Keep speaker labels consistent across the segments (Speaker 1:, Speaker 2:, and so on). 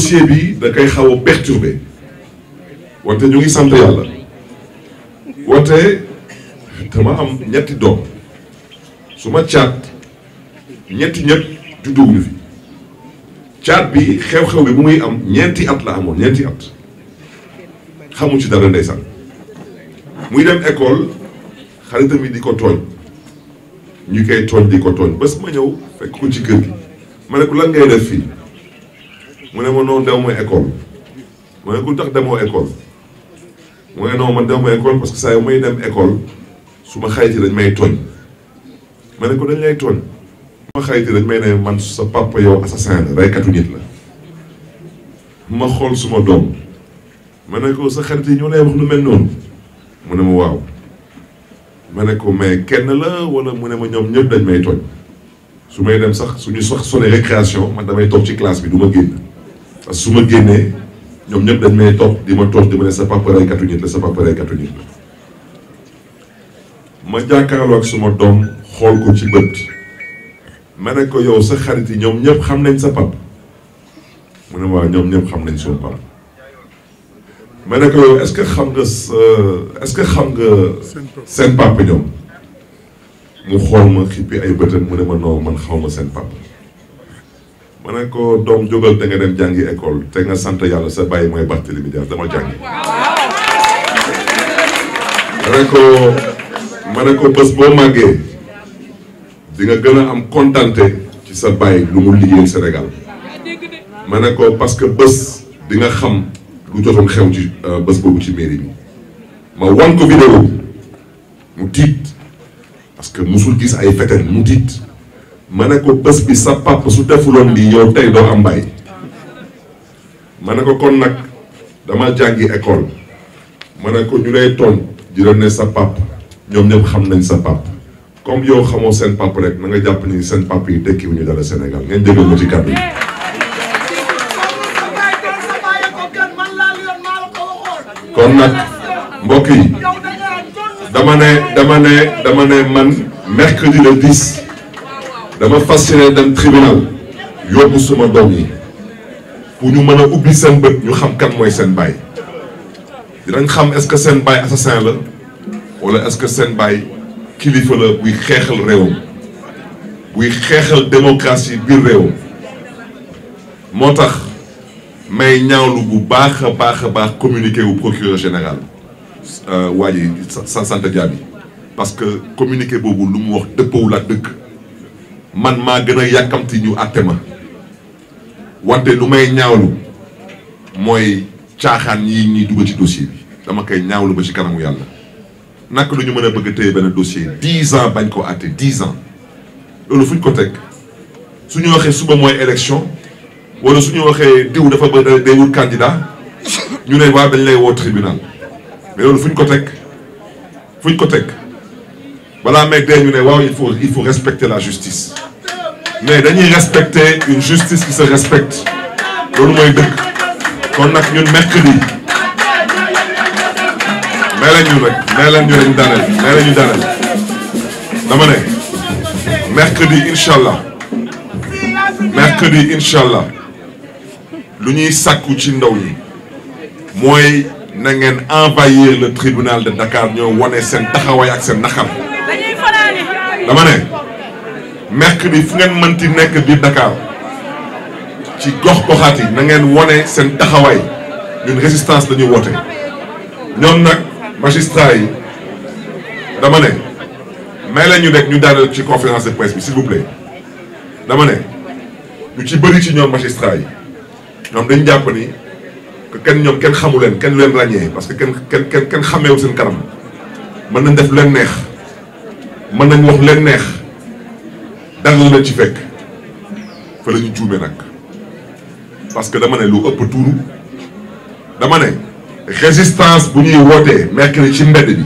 Speaker 1: dossier bi da koy xaw a perturbé wante ñu ngi sant yàlla wante dama am ñetti doom su ma caat ñetti ñëpp judduwuñu fi caat bi xew-xew bi bu muy am ñeenti at la amoon ñeenti at xamu ci dara ndeysaan muy dem école xaritam yi di ko tooñ ñu koy tooñ di ko tooñ bés ma ñëw fekk ko ci kër gi ma ne ko lan ngay def fii mu ne ma noonu dew ma école ma ne ku tax demoo école mu ne non man dew ma école parce may dem école su ma xayti dañ may ma ne ko dañ lay tooñ ma dañ may ne man sa papa yow assassin la reykatu nit xool suma doom ma ne ko sa xarit yi ñoo lay wax lu mel noonu mu waaw ma ne ko mais kenn la wala mu ne ma ñoom ñëpp dañ may tooñ su may dem sax suñu sax sonné récréation man damay toog ci classe bi du ma génn parce su ma génnee ñoom ñëpp dañ may topp di ma toog di ma ne sa papa reykatu nit la sa papa reykatu nit la ma jàkkaarloo ak suma doom xool ko ci bët ma ne ko yow sa xarit yi ñoom ñëpp xam nañ sa papa mu ne ñoom ñëpp xam nañ suma papa ma ne ko yow est-ce que xam nga sa est-ce que xam nga seen papa ñoom mu xool ma xippi ay bëtam mu ne ma non man xaw ma seen papa ma ne ko doom jógal te nga dem jàngi école te nga sant yàlla sa bàyyi mooy Barthélémy Dias dama jàngi ma ne ko ma ne ko bés boo màggee di nga gën a am kontante ci sa bàyyi lu mu liggéey Sénégal ma ne ko parce que bés di nga xam lu jotoon xew ci euh, bés boobu ci mairie bi ma wan ko vidéo mu tiit parce que musul gis ay fetel mu tiit ma ne ko bés bi sa pàpp su defuloon lii yow tey doo am bàyyi ma ne ko kon nag dama jàngi école ma ne ko ñu lay toon di doon ne sa pàpp ñoom ñëpp xam nañ sa pàpp comme yow xamoo seen pàpp rek na nga jàpp ni seen pàpp yi dëkki wu ñu dara Sénégal ngeen jégal ma ci kàddu yi kon nag mbokk yi dama ne dama ne dama ne man mercredi le 10 dama fas yéene dem tribunal yóbbu suma doom yi pour ñu mën a ubbi seen bët ñu xam kan mooy seen baay dinañ xam est-ce que seen baay assassin la wala est-ce que seen baay kilifa la buy xeexal réewam buy xeexal démocratie biir réewam moo tax may ñaawlu bu baax a baax baax communiqué wu procureur général euh, waa sa sant Diaby parce que communiqué boobu lu mu wax dëppawul ak dëkk man maa gën a yàkkamti ñu àtte ma wante lu may ñaawlu mooy caaxaan yi ñuy dugg ci dossier bi dama koy ñaawlu ba ci kanamu yàlla nak lu ñu mën a bëgg a téye benn dossier dix bañ ko àtte dix ans loolu fu ñu ko teg su ñu waxee suba mooy élection wala su ñu waxee diw dafa bëgg day wut candidat ñu ne waa dañ lay woo tribunal mais loolu fu ñu ko teg fu ñu ko teg. balaa meeg dee ñu ne waaw il faut il faut respecter la justice mais dañuy respecter une justice qui se respecte loolu mooy dëgg kon nag ñun mercredi may leen ñu rek may leen ñu rek ñu daaneel may leen ñu dama ne mercredi incha allah mercredi incha allah lu ñuy sàkku ci ndaw ñi mooy na ngeen envahir le tribunal de Dakar ñoo wane seen taxawaay ak seen naxar. dama ne bi fu ngeen mënti nekk biir Dakar ci gox goxaat yi na ngeen wone seen taxawaay ñun résistance la ñuy woote ñoom nag magistrat yi dama ne may la ñu rek ñu daaneel ci conférence de bi s'il vous plaît dama ne ñu ci bëri ci ñoom magistrat yi ñoom dañ jàpp ni que kenn ñoom kenn xamu leen kenn leen ràññee parce que kenn kenn kenn kenn xameewu seen kanam mën nañ def leen neex mën nañ wax leen neex dara la ci fekk fa la ñu nag parce que dama ne lu ëpp tuuru dama ne résistance bu ñuy wootee mercredi ci mbedd bi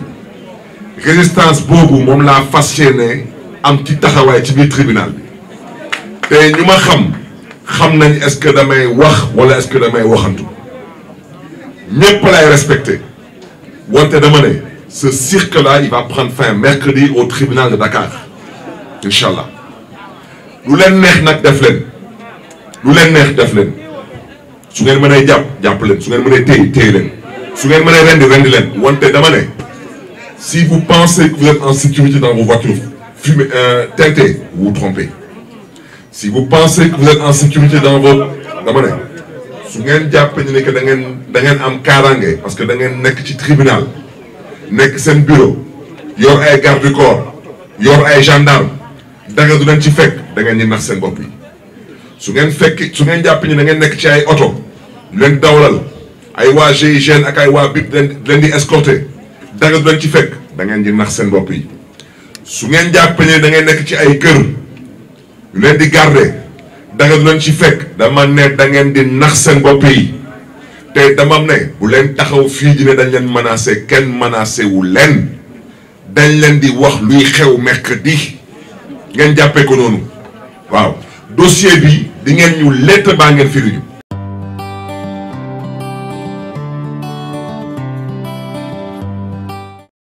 Speaker 1: résistance boobu moom laa fas yéene am ci taxawaay ci biir tribunal bi te ñu ma xam xam nañ est-ce que damay wax walla est-ce que damay waxantu ñépp lay respecté wante dama ne ce cirque-là, il va prendre fin mercredi au tribunal de Dakar. Inch'Allah. lu leen neex nag def leen lu leen neex def leen su ngeen mënee jàpp jàpp leen su ngeen mënee téy téy leen su ngeen mënee rendi rendi leen wante dama ne si vous pensez que vous êtes en sécurité dans vos voitures fumées euh, teintées vous vous trompez si vous pensez que vous êtes en sécurité dans vos dama su ngeen jàpp ñu ne que da ngeen da ngeen am kaaraange parce que da ngeen nekk ci tribunal nekk seen bureau yor ay garde du corps yor ay gendarme danga du leen ci fekk da ngeen ñu nax seen su ngeen fekk su ngeen jàpp ni da ngeen nekk ci ay oto ñu leen dawlal ay waa GIGN ak ay waa BIP di leen di escorter danga du ci fekk da ngeen ñu nax seen bopp yi su ngeen jàpp ni da ngeen nekk ci ay kër ñu leen di garder danga du leen ci fekk dama ne da ngeen di nax seen bopp yi tey damam ne bu leen taxaw fii ji ne dañ leen menacé kenn menacé wu leen dañ leen di wax luy xew di ngeen jàppe ko noonu waaw dossier bi di ngeen ñu lettre baa ngeen firiñu